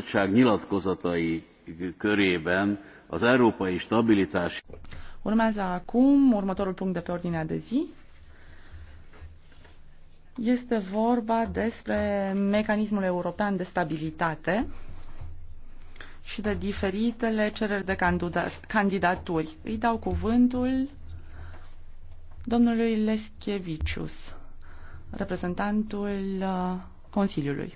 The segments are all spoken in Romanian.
bizottság nyilatkozatai körében az európai stabilitás. Urmează acum următorul punct de pe ordinea de zi. Este vorba despre mecanismul european de stabilitate și de diferitele cereri de candidaturi. Îi dau cuvântul domnului Leschevicius, reprezentantul uh, Consiliului.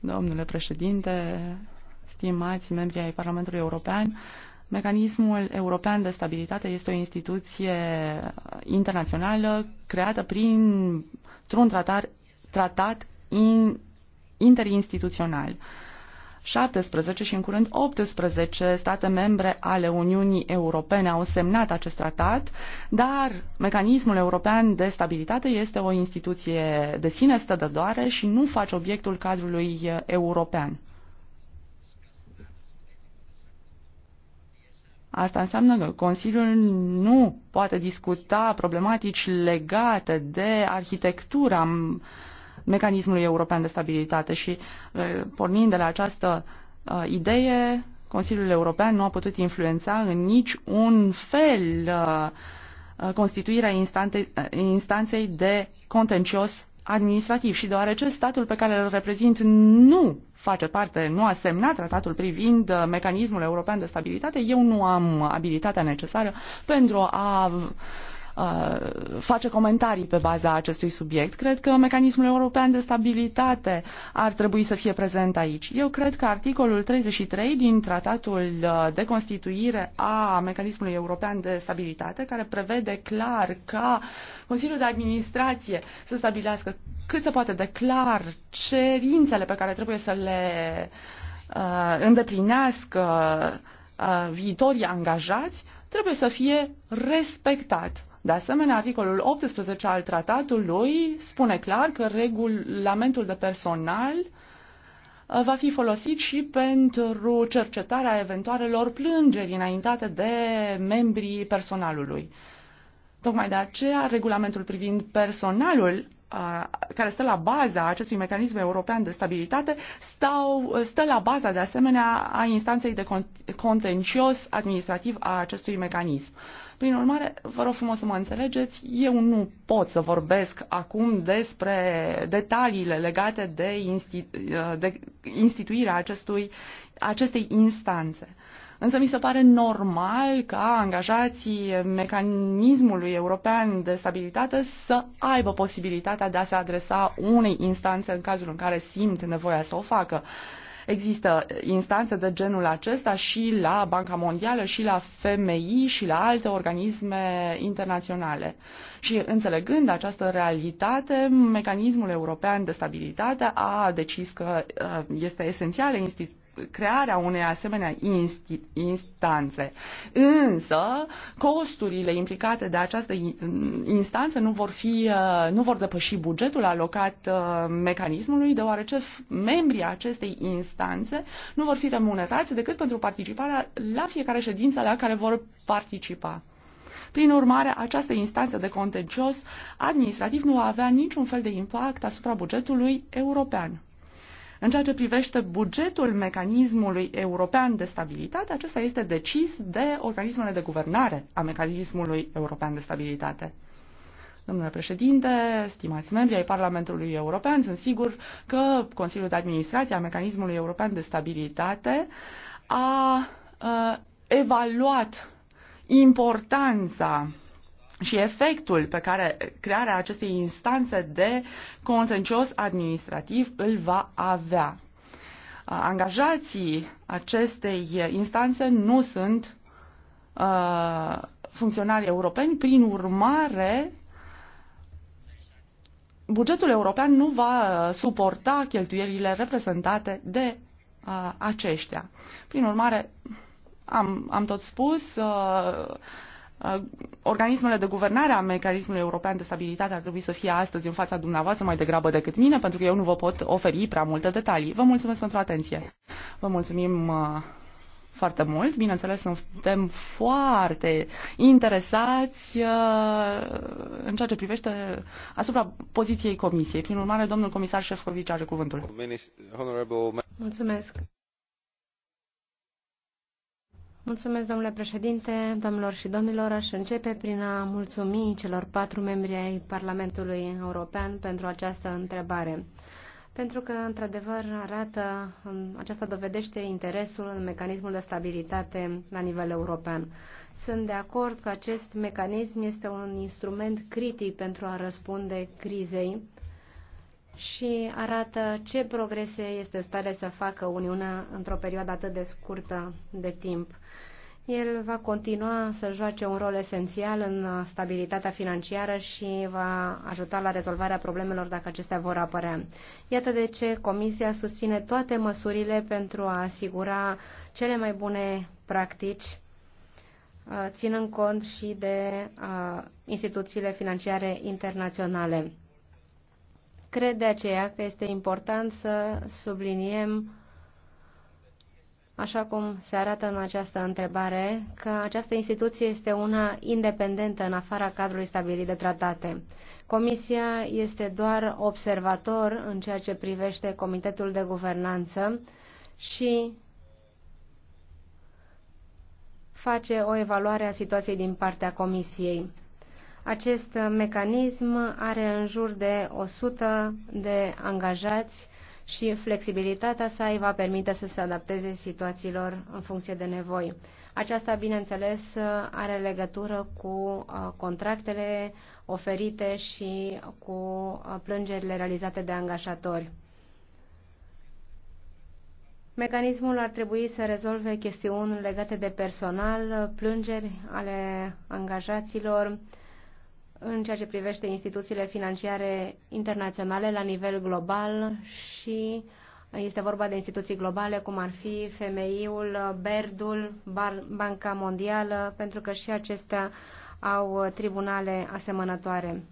Domnule președinte, stimați membri ai Parlamentului European, Mecanismul European de Stabilitate este o instituție internațională creată prin un tratat, tratat in, interinstituțional. Uh, 17 și în curând 18 state membre ale Uniunii Europene au semnat acest tratat, dar mecanismul european de stabilitate este o instituție de sine stădătoare și nu face obiectul cadrului european. Asta înseamnă că Consiliul nu poate discuta problematici legate de arhitectura mecanismului european de stabilitate și uh, pornind de la această uh, idee, Consiliul European nu a putut influența în nici un fel uh, constituirea instanței de contencios administrativ și deoarece statul pe care îl reprezint nu face parte, nu a semnat tratatul privind mecanismul european de stabilitate, eu nu am abilitatea necesară pentru a Uh, face comentarii pe baza acestui subiect. Cred că mecanismul european de stabilitate ar trebui să fie prezent aici. Eu cred că articolul 33 din tratatul uh, de constituire a mecanismului european de stabilitate, care prevede clar ca Consiliul de Administrație să stabilească cât se poate de clar cerințele pe care trebuie să le uh, îndeplinească uh, viitorii angajați, trebuie să fie respectat. De asemenea, articolul 18 al tratatului spune clar că regulamentul de personal uh, va fi folosit și pentru cercetarea eventualelor plângeri înaintate de membrii personalului. Tocmai de aceea, regulamentul privind personalul care stă la baza acestui mecanism european de stabilitate stau, stă la baza de asemenea a instanței de contencios administrativ a acestui mecanism. Prin urmare, vă rog frumos să mă înțelegeți, eu nu pot să vorbesc acum despre detaliile legate de, institu- de instituirea acestui, acestei instanțe. Însă mi se pare normal ca angajații mecanismului european de stabilitate să aibă posibilitatea de a se adresa unei instanțe în cazul în care simt nevoia să o facă. Există instanțe de genul acesta și la Banca Mondială, și la FMI, și la alte organisme internaționale. Și înțelegând această realitate, mecanismul european de stabilitate a decis că uh, este esențială instituția crearea unei asemenea instanțe. Însă, costurile implicate de această instanță nu vor, fi, uh, nu vor depăși bugetul alocat uh, mecanismului, deoarece membrii acestei instanțe nu vor fi remunerați decât pentru participarea la fiecare ședință la care vor participa. Prin urmare, această instanță de contencios administrativ nu va avea niciun fel de impact asupra bugetului european. În ceea ce privește bugetul mecanismului european de stabilitate, acesta este decis de organismele de guvernare a mecanismului european de stabilitate. Domnule președinte, stimați membri ai Parlamentului European, sunt sigur că Consiliul de Administrație a Mecanismului European de Stabilitate a, a uh, evaluat importanța și efectul pe care crearea acestei instanțe de contencios administrativ îl va avea. Angajații acestei instanțe nu sunt uh, funcționari europeni, prin urmare bugetul european nu va suporta cheltuielile reprezentate de uh, aceștia. Prin urmare, am, am tot spus, uh, organismele de guvernare a mecanismului european de stabilitate ar trebui să fie astăzi în fața dumneavoastră mai degrabă decât mine, pentru că eu nu vă pot oferi prea multe detalii. Vă mulțumesc pentru atenție. Vă mulțumim uh, foarte mult. Bineînțeles, suntem foarte interesați uh, în ceea ce privește asupra poziției Comisiei. Prin urmare, domnul comisar Șefcovici are cuvântul. Mulțumesc. Mulțumesc, domnule președinte, domnilor și domnilor. Aș începe prin a mulțumi celor patru membri ai Parlamentului European pentru această întrebare. Pentru că, într-adevăr, arată, aceasta dovedește interesul în mecanismul de stabilitate la nivel european. Sunt de acord că acest mecanism este un instrument critic pentru a răspunde crizei și arată ce progrese este în stare să facă Uniunea într-o perioadă atât de scurtă de timp. El va continua să joace un rol esențial în stabilitatea financiară și va ajuta la rezolvarea problemelor dacă acestea vor apărea. Iată de ce Comisia susține toate măsurile pentru a asigura cele mai bune practici, uh, ținând cont și de uh, instituțiile financiare internaționale. Cred de aceea că este important să subliniem, așa cum se arată în această întrebare, că această instituție este una independentă în afara cadrului stabilit de tratate. Comisia este doar observator în ceea ce privește Comitetul de Guvernanță și face o evaluare a situației din partea Comisiei. Acest mecanism are în jur de 100 de angajați și flexibilitatea sa îi va permite să se adapteze situațiilor în funcție de nevoi. Aceasta, bineînțeles, are legătură cu uh, contractele oferite și cu uh, plângerile realizate de angajatori. Mecanismul ar trebui să rezolve chestiuni legate de personal, plângeri ale angajaților, în ceea ce privește instituțiile financiare internaționale la nivel global și este vorba de instituții globale, cum ar fi FMI-ul, BERD-ul, Banca Mondială, pentru că și acestea au tribunale asemănătoare.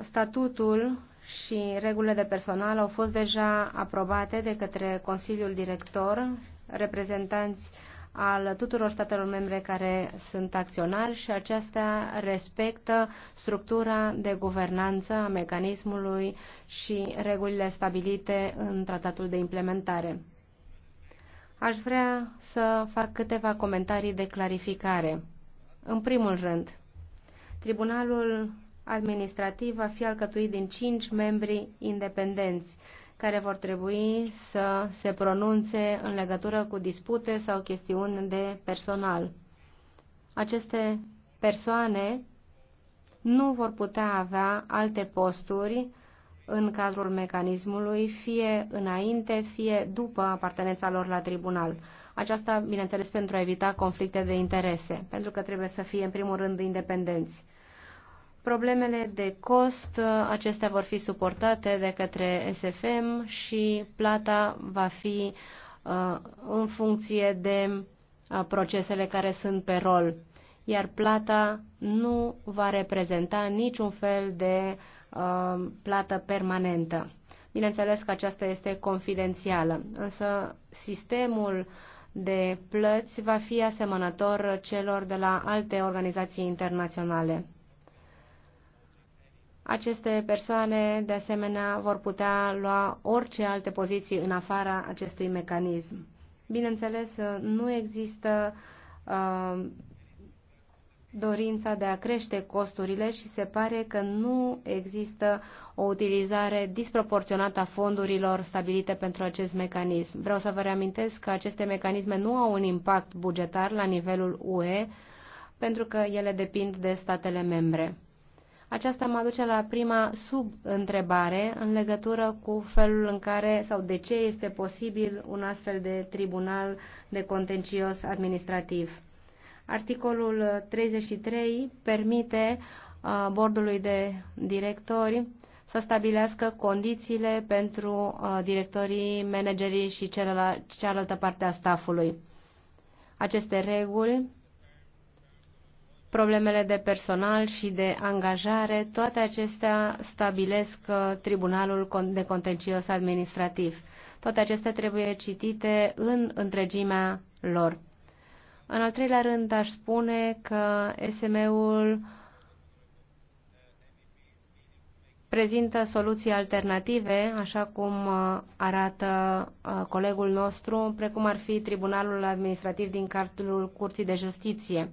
Statutul și regulile de personal au fost deja aprobate de către Consiliul Director, reprezentanți uh, al tuturor statelor membre care sunt acționari și acestea respectă structura de guvernanță a mecanismului și regulile stabilite în tratatul de implementare. Aș vrea să fac câteva comentarii de clarificare. În primul rând, Tribunalul administrativ va fi alcătuit din cinci membri independenți care vor trebui să se pronunțe în legătură cu dispute sau chestiuni de personal. Aceste persoane nu vor putea avea alte posturi în cadrul mecanismului, fie înainte, fie după apartenența lor la tribunal. Aceasta, bineînțeles, pentru a evita conflicte de interese, pentru că trebuie să fie, în primul rând, independenți. Problemele de cost, uh, acestea vor fi suportate de către SFM și plata va fi uh, în funcție de uh, procesele care sunt pe rol, iar plata nu va reprezenta niciun fel de plată permanentă. Bineînțeles că aceasta este confidențială, însă sistemul de plăți va fi asemănător celor de la alte organizații internaționale. Aceste persoane, de asemenea, vor putea lua orice alte poziții în afara acestui mecanism. Bineînțeles, nu există uh, dorința de a crește costurile și se pare că nu există o utilizare disproporționată a fondurilor stabilite pentru acest mecanism. Vreau să vă reamintesc că aceste mecanisme nu au un impact bugetar la nivelul UE, pentru că ele depind de statele membre. Aceasta mă duce la prima sub-întrebare în legătură cu felul în care sau de ce este posibil un astfel de tribunal de contencios administrativ. Articolul 33 permite uh, bordului de directori să stabilească condițiile pentru uh, directorii, managerii și cealaltă parte a staffului. Aceste reguli problemele de personal și de angajare, toate acestea stabilesc uh, Tribunalul de Contencios Administrativ. Toate acestea trebuie citite în întregimea lor. În al treilea rând, aș spune că SM-ul prezintă soluții alternative, așa cum uh, arată uh, colegul nostru, precum ar fi Tribunalul Administrativ din cartul Curții de Justiție.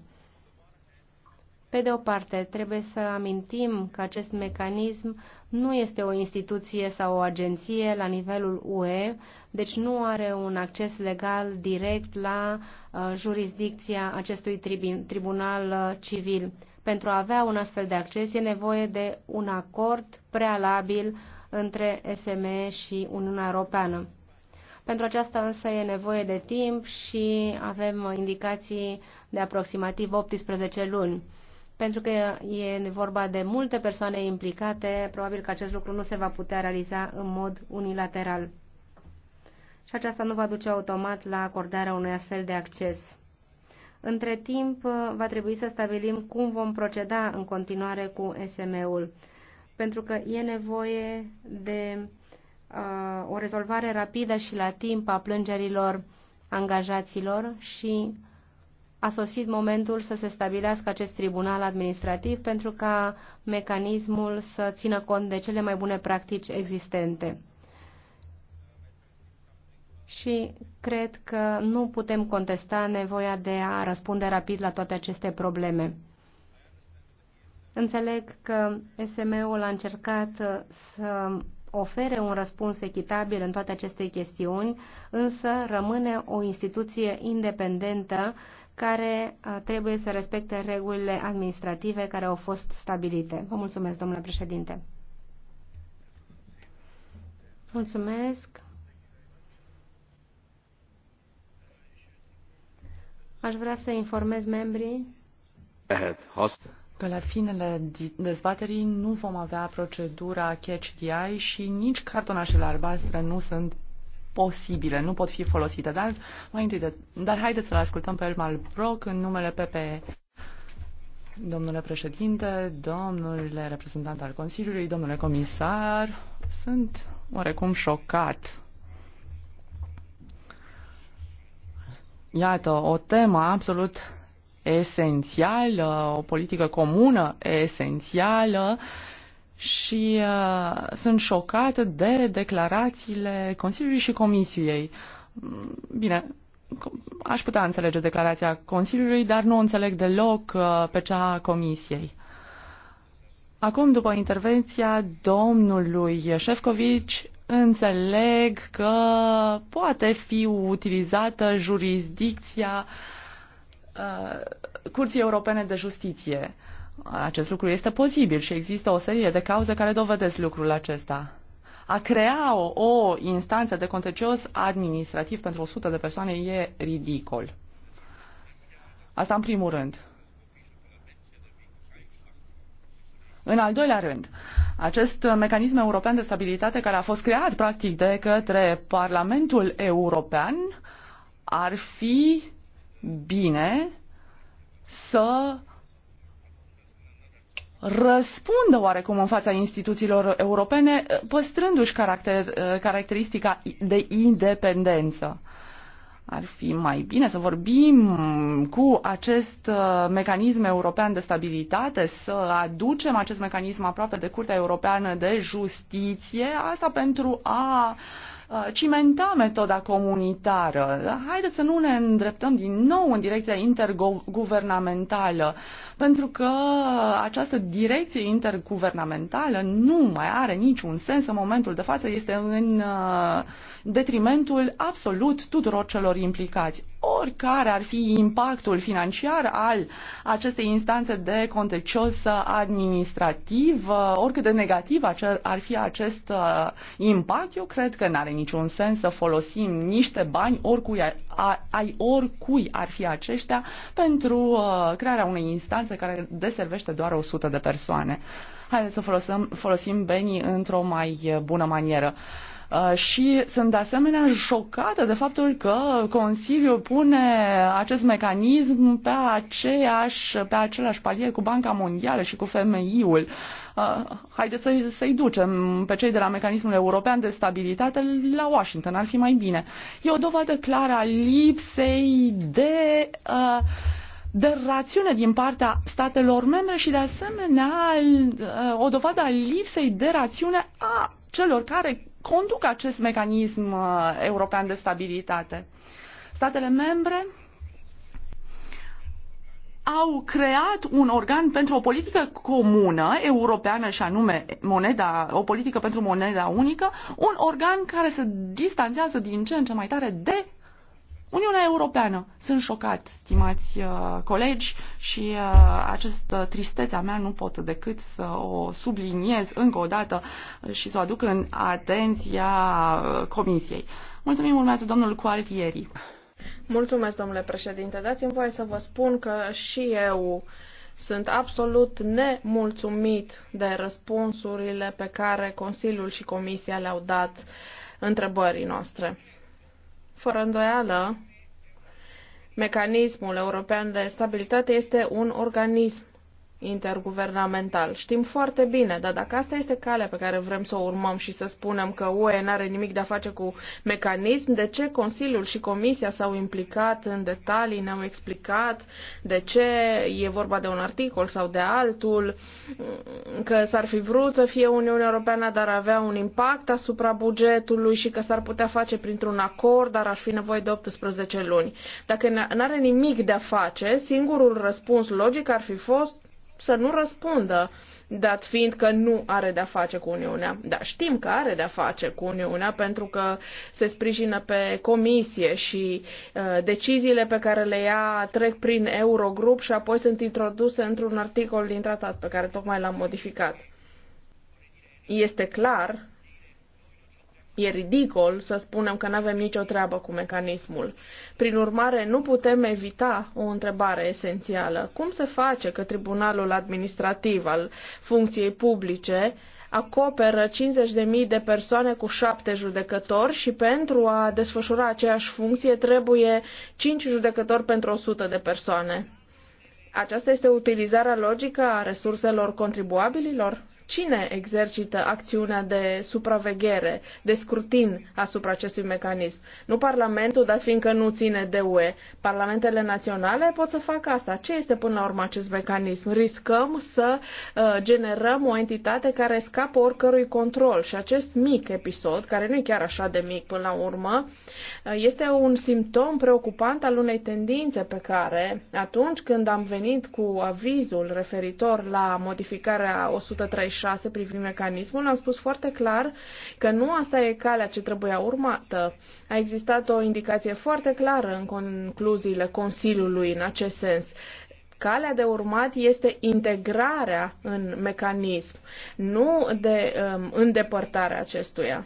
Pe de o parte, trebuie să amintim că acest mecanism nu este o instituție sau o agenție la nivelul UE, deci nu are un acces legal direct la uh, jurisdicția acestui tribun, tribunal uh, civil. Pentru a avea un astfel de acces e nevoie de un acord prealabil între SME și Uniunea Europeană. Pentru aceasta însă e nevoie de timp și avem indicații de aproximativ 18 luni. Pentru că e vorba de multe persoane implicate, probabil că acest lucru nu se va putea realiza în mod unilateral. Și aceasta nu va duce automat la acordarea unui astfel de acces. Între timp, va trebui să stabilim cum vom proceda în continuare cu sme ul pentru că e nevoie de uh, o rezolvare rapidă și la timp a plângerilor angajaților și a sosit momentul să se stabilească acest tribunal administrativ pentru ca mecanismul să țină cont de cele mai bune practici existente. Și cred că nu putem contesta nevoia de a răspunde rapid la toate aceste probleme. Înțeleg că sme ul a încercat să ofere un răspuns echitabil în toate aceste chestiuni, însă rămâne o instituție independentă care uh, trebuie să respecte regulile administrative care au fost stabilite. Vă mulțumesc, domnule președinte. Mulțumesc. Aș vrea să informez membrii că la finele dezbaterii nu vom avea procedura catch the eye și nici cartonașele albastre nu sunt posibile, nu pot fi folosite. Dar mai întâi de, dar haideți să-l ascultăm pe Elmar Brock în numele PPE. Domnule președinte, domnule reprezentant al Consiliului, domnule comisar, sunt oarecum șocat. Iată, o temă absolut esențială, o politică comună esențială și uh, sunt șocată de declarațiile Consiliului și Comisiei. Mm, bine, aș putea înțelege declarația Consiliului, dar nu înțeleg deloc uh, pe cea a Comisiei. Acum, după intervenția domnului Șefcovici, înțeleg că poate fi utilizată jurisdicția uh, Curții Europene de Justiție. Uh, acest lucru este posibil și există o serie de cauze care dovedesc lucrul acesta. A crea o, o instanță de contencios administrativ pentru 100 de persoane e ridicol. Asta în primul rând. În al doilea rând, acest mecanism european de stabilitate care a fost creat practic de către Parlamentul European ar fi bine să răspundă oarecum în fața instituțiilor europene, eh, păstrându-și caracter, eh, caracteristica de independență. Ar fi mai bine să vorbim cu acest eh, mecanism european de stabilitate, să aducem acest mecanism aproape de Curtea Europeană de Justiție, asta pentru a Uh, cimenta metoda comunitară. Haideți să nu ne îndreptăm din nou în direcția interguvernamentală, pentru că această direcție interguvernamentală nu mai are niciun sens în momentul de față, este în uh, detrimentul absolut tuturor celor implicați. Oricare ar fi impactul financiar al acestei instanțe de contecios administrativă, oricât de negativ ar fi acest uh, impact, eu cred că n-are niciun sens să folosim niște bani, oricui ar, ai oricui ar fi aceștia, pentru uh, crearea unei instanțe care deservește doar 100 de persoane. Haideți să folosim, folosim banii într-o mai bună manieră. Uh, Uh, și sunt de asemenea șocată de faptul că Consiliul pune acest mecanism pe, aceeași, pe același palier cu Banca Mondială și cu FMI-ul. Uh, haideți să-i, să ducem pe cei de la Mecanismul European de Stabilitate la Washington, ar fi mai bine. E o dovadă clară a lipsei de. Uh, de rațiune din partea statelor membre și, de asemenea, uh, o dovadă a lipsei de rațiune a celor care conduc acest mecanism uh, european de stabilitate. Statele membre au creat un organ pentru o politică comună europeană și anume moneda, o politică pentru moneda unică, un organ care se distanțează din ce în ce mai tare de Uniunea Europeană. Sunt șocat, stimați uh, colegi, și uh, această tristețea mea nu pot decât să o subliniez încă o dată uh, și să o aduc în atenția uh, Comisiei. Mulțumim, urmează domnul Coaltieri. Mulțumesc, domnule președinte. Dați-mi voie să vă spun că și eu sunt absolut nemulțumit de răspunsurile pe care Consiliul și Comisia le-au dat întrebării noastre. Fără îndoială, mecanismul european de stabilitate este un organism interguvernamental. Știm foarte bine, dar dacă asta este calea pe care vrem să o urmăm și să spunem că UE nu are nimic de a face cu mecanism, de ce Consiliul și Comisia s-au implicat în detalii, ne-au explicat de ce e vorba de un articol sau de altul, că s-ar fi vrut să fie Uniunea Europeană, dar avea un impact asupra bugetului și că s-ar putea face printr-un acord, dar ar fi nevoie de 18 luni. Dacă nu are nimic de a face, singurul răspuns logic ar fi fost să nu răspundă, dat fiind că nu are de-a face cu Uniunea. Dar știm că are de-a face cu Uniunea pentru că se sprijină pe comisie și uh, deciziile pe care le ia trec prin Eurogrup și apoi sunt introduse într-un articol din tratat pe care tocmai l-am modificat. Este clar e ridicol să spunem că nu avem nicio treabă cu mecanismul. Prin urmare, nu putem evita o întrebare esențială. Cum se face că Tribunalul Administrativ al Funcției Publice acoperă 50.000 de persoane cu șapte judecători și pentru a desfășura aceeași funcție trebuie 5 judecători pentru 100 de persoane? Aceasta este utilizarea logică a resurselor contribuabililor? Cine exercită acțiunea de supraveghere, de scrutin asupra acestui mecanism? Nu Parlamentul, dar fiindcă nu ține de UE. Parlamentele naționale pot să facă asta. Ce este până la urmă acest mecanism? Riscăm să uh, generăm o entitate care scapă oricărui control și acest mic episod, care nu e chiar așa de mic până la urmă, uh, este un simptom preocupant al unei tendințe pe care, atunci când am venit cu avizul referitor la modificarea 136 privind mecanismul, am spus foarte clar că nu asta e calea ce trebuia urmată. A existat o indicație foarte clară în concluziile Consiliului în acest sens calea de urmat este integrarea în mecanism, nu de um, îndepărtarea acestuia.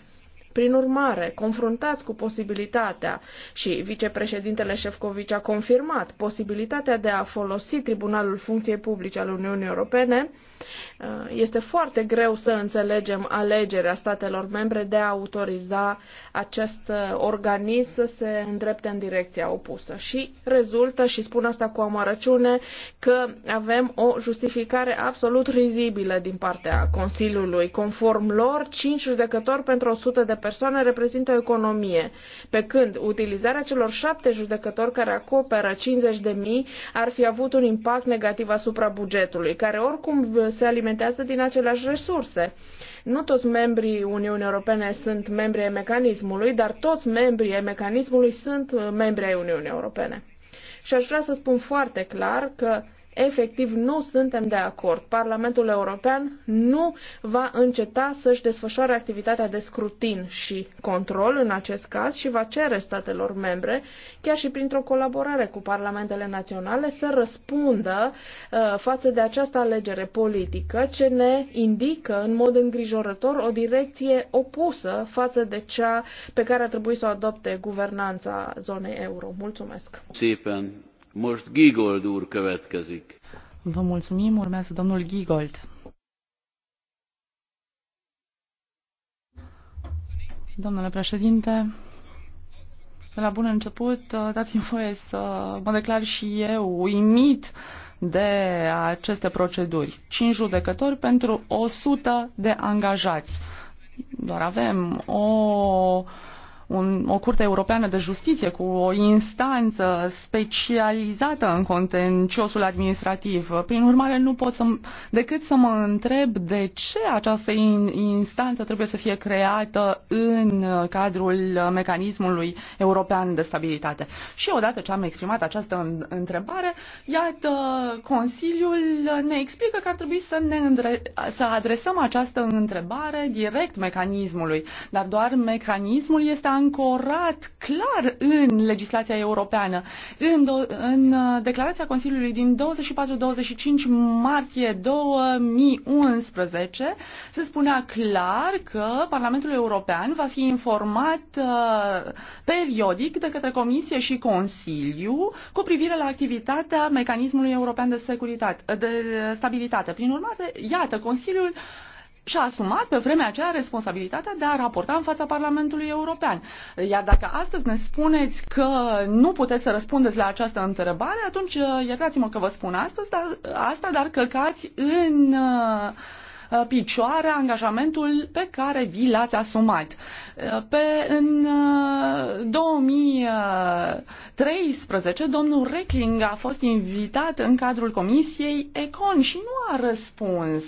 Prin urmare, confruntați cu posibilitatea și vicepreședintele Șefcovici a confirmat posibilitatea de a folosi Tribunalul Funcției Publice al Uniunii Europene, uh, este foarte greu să înțelegem alegerea statelor membre de a autoriza acest uh, organism să se îndrepte în direcția opusă. Și rezultă, și spun asta cu amărăciune, că avem o justificare absolut rizibilă din partea Consiliului. Conform lor, 5 judecători pentru 100 de persoane persoană reprezintă o economie, pe când utilizarea celor șapte judecători care acoperă 50 de mii ar fi avut un impact negativ asupra bugetului, care oricum se alimentează din aceleași resurse. Nu toți membrii Uniunii Europene sunt membri ai mecanismului, dar toți membrii ai mecanismului sunt membri ai Uniunii Europene. Și aș vrea să spun foarte clar că efectiv nu suntem de acord. Parlamentul European nu va înceta să-și desfășoare activitatea de scrutin și control în acest caz și va cere statelor membre, chiar și printr-o colaborare cu parlamentele naționale, să răspundă uh, față de această alegere politică ce ne indică în mod îngrijorător o direcție opusă față de cea pe care ar trebui să o adopte guvernanța zonei euro. Mulțumesc! Sipen. Most Gigold úr következik. Vă mulțumim, urmează domnul Gigold. Domnule președinte, de la bun început, uh, dați-mi voie să mă declar și eu uimit de aceste proceduri. Cinci judecători pentru 100 de angajați. Doar avem o un, o curte europeană de justiție cu o instanță specializată în contenciosul administrativ. Prin urmare, nu pot să, decât să mă întreb de ce această in, instanță trebuie să fie creată în cadrul mecanismului european de stabilitate. Și odată ce am exprimat această întrebare, iată, Consiliul ne explică că ar trebui să, ne îndre- să adresăm această întrebare direct mecanismului, dar doar mecanismul este ancorat clar în legislația europeană. În, în uh, declarația Consiliului din 24-25 martie 2011 se spunea clar că Parlamentul European va fi informat uh, periodic de către Comisie și Consiliu cu privire la activitatea mecanismului european de, securitate, de stabilitate. Prin urmare, iată, Consiliul uh, și-a asumat pe vremea aceea responsabilitatea de a raporta în fața Parlamentului European. Iar dacă astăzi ne spuneți că nu puteți să răspundeți la această întrebare, atunci uh, iertați-mă că vă spun astăzi, dar, asta, dar călcați în uh, picioare angajamentul pe care vi l-ați asumat. Uh, pe, în 2013, domnul Reckling a fost invitat în cadrul Comisiei Econ și nu a răspuns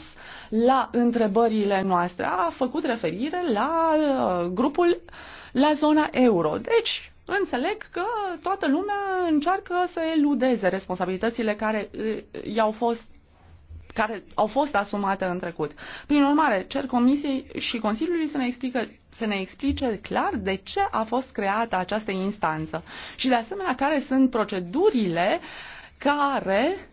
la întrebările noastre. A făcut referire la uh, grupul, la zona euro. Deci, înțeleg că toată lumea încearcă să eludeze responsabilitățile care uh, i-au fost care au fost asumate în trecut. Prin urmare, cer Comisiei și Consiliului să ne, explică, să ne explice clar de ce a fost creată această instanță și, de asemenea, care sunt procedurile care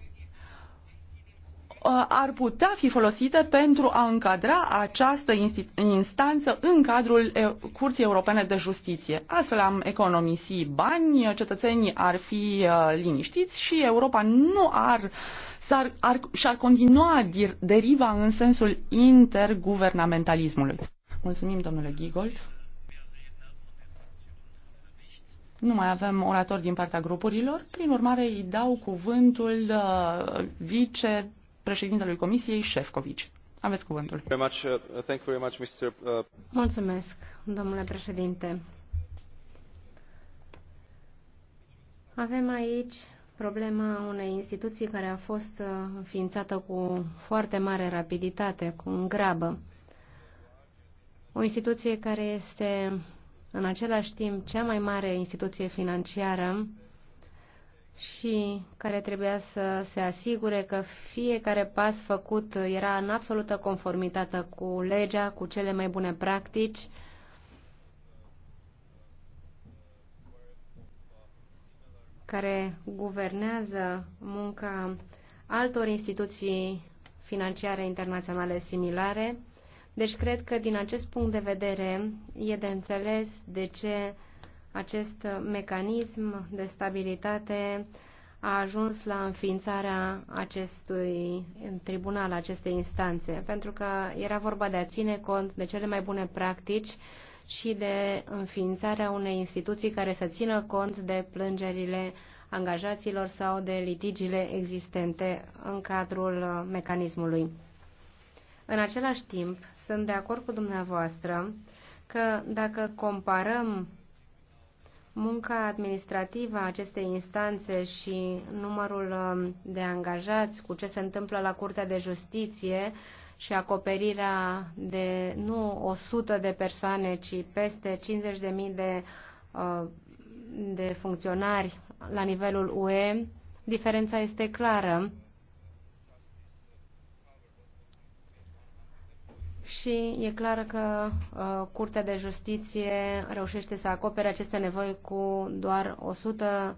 Uh, ar putea fi folosite pentru a încadra această instanță în cadrul Curții Europene de Justiție. Astfel am economisi bani, cetățenii ar fi uh, liniștiți și Europa nu ar s-ar, ar, și-ar continua dir, deriva în sensul interguvernamentalismului. Mulțumim, domnule Gigold. Nu mai avem oratori din partea grupurilor, prin urmare îi dau cuvântul uh, vice președintelui Comisiei, Șefcovici. Aveți cuvântul. Uh, uh, Mulțumesc, domnule președinte. Avem aici problema unei instituții care a fost uh, înființată cu foarte mare rapiditate, cu grabă. O instituție care este în același timp cea mai mare instituție financiară și care trebuia să se asigure că fiecare pas făcut era în absolută conformitate cu legea, cu cele mai bune practici. care guvernează munca altor instituții financiare internaționale similare. Deci cred că din acest punct de vedere e de înțeles de ce acest mecanism de stabilitate a ajuns la înființarea acestui tribunal, acestei instanțe, pentru că era vorba de a ține cont de cele mai bune practici și de înființarea unei instituții care să țină cont de plângerile angajaților sau de litigiile existente în cadrul mecanismului. În același timp, sunt de acord cu dumneavoastră că dacă comparăm Munca administrativă a acestei instanțe și numărul um, de angajați cu ce se întâmplă la Curtea de Justiție și acoperirea de nu 100 de persoane, ci peste 50.000 de, uh, de funcționari la nivelul UE, diferența este clară și e clar că uh, Curtea de Justiție reușește să acopere aceste nevoi cu doar 100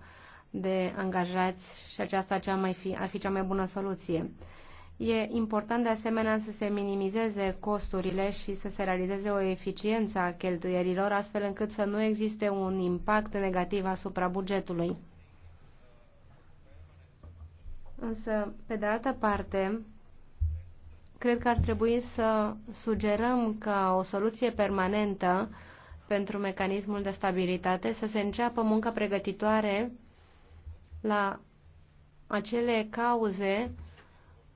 de angajați și aceasta cea mai fi, ar fi cea mai bună soluție. E important de asemenea să se minimizeze costurile și să se realizeze o eficiență a cheltuierilor, astfel încât să nu existe un impact negativ asupra bugetului. Însă, pe de altă parte, cred că ar trebui să sugerăm ca o soluție permanentă pentru mecanismul de stabilitate să se înceapă munca pregătitoare la acele cauze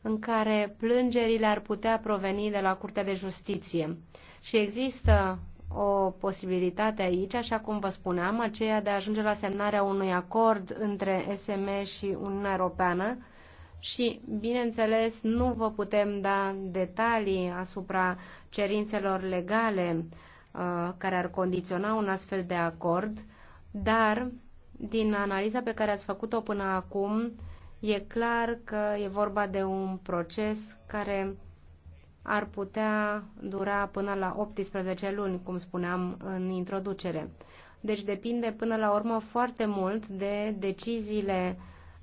în care plângerile ar putea proveni de la Curtea de Justiție. Și există o posibilitate aici, așa cum vă spuneam, aceea de a ajunge la semnarea unui acord între SME și Uniunea Europeană, și, bineînțeles, nu vă putem da detalii asupra cerințelor legale uh, care ar condiționa un astfel de acord, dar din analiza pe care ați făcut-o până acum, e clar că e vorba de un proces care ar putea dura până la 18 luni, cum spuneam în introducere. Deci depinde până la urmă foarte mult de deciziile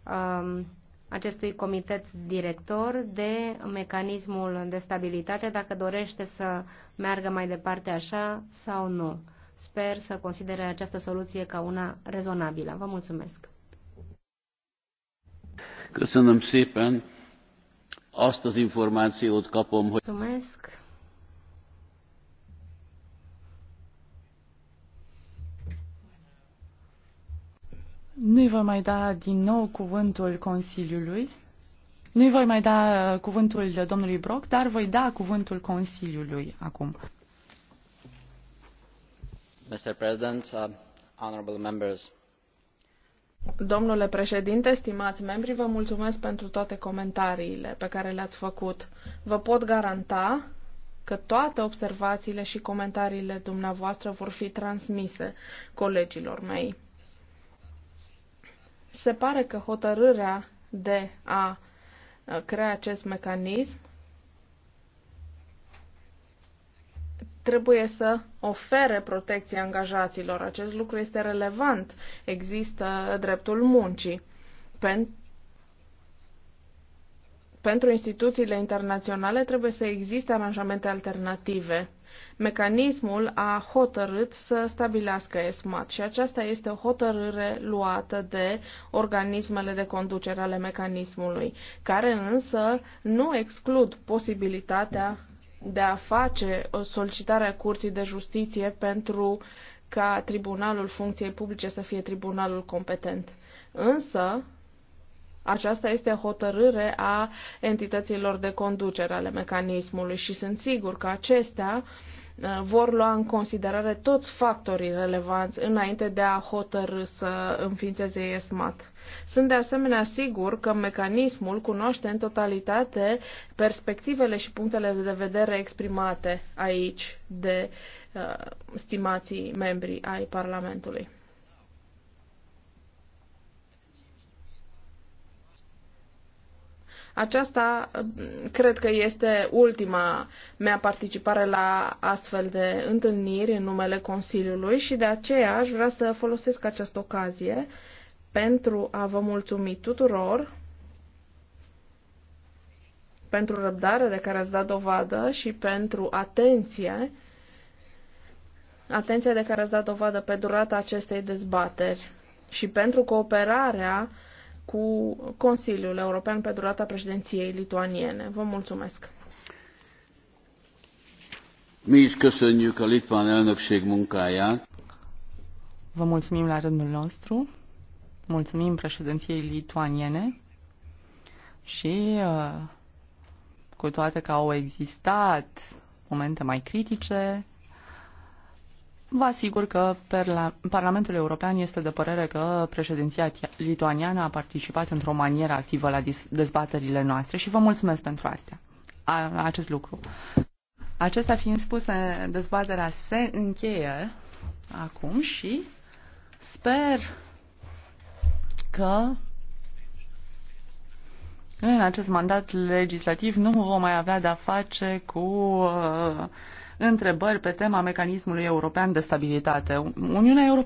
uh, acestui comitet director de mecanismul de stabilitate, dacă dorește să meargă mai departe așa sau nu. Sper să considere această soluție ca una rezonabilă. Vă mulțumesc. Mulțumesc. Nu-i voi mai da din nou cuvântul Consiliului. Nu-i voi mai da uh, cuvântul domnului Brock, dar voi da cuvântul Consiliului acum. Mr. President, uh, honorable members. Domnule președinte, stimați membri, vă mulțumesc pentru toate comentariile pe care le-ați făcut. Vă pot garanta că toate observațiile și comentariile dumneavoastră vor fi transmise colegilor mei. Se pare că hotărârea de a crea acest mecanism trebuie să ofere protecție angajaților. Acest lucru este relevant. Există dreptul muncii. Pentru pentru instituțiile internaționale trebuie să existe aranjamente alternative. Mecanismul a hotărât să stabilească ESMAT și aceasta este o hotărâre luată de organismele de conducere ale mecanismului, care însă nu exclud posibilitatea de a face solicitarea Curții de Justiție pentru ca tribunalul funcției publice să fie tribunalul competent. Însă, aceasta este hotărâre a entităților de conducere ale mecanismului și sunt sigur că acestea uh, vor lua în considerare toți factorii relevanți înainte de a hotărâ să înființeze ESMAT. Sunt de asemenea sigur că mecanismul cunoaște în totalitate perspectivele și punctele de vedere exprimate aici de uh, stimații membri ai Parlamentului. Aceasta mm, cred că este ultima mea participare la astfel de întâlniri în numele Consiliului și de aceea aș vrea să folosesc această ocazie pentru a vă mulțumi tuturor pentru răbdare de care ați dat dovadă și pentru atenție, atenția de care ați dat dovadă pe durata acestei dezbateri și pentru cooperarea cu Consiliul European pe durata președinției lituaniene. Vă mulțumesc! Mi is köszönjük a litván elnökség munkáját. Vă mulțumim la rândul nostru, mulțumim președinției lituaniene și uh, cu toate că au existat momente mai critice, Vă asigur că Parlamentul European este de părere că președinția lituaniană a participat într-o manieră activă la dezbaterile noastre și vă mulțumesc pentru astea, a, acest lucru. Acesta fiind spuse, dezbaterea se încheie acum și sper că în acest mandat legislativ nu vom mai avea de-a face cu uh, întrebări pe tema mecanismului european de stabilitate. Uniunea Europeană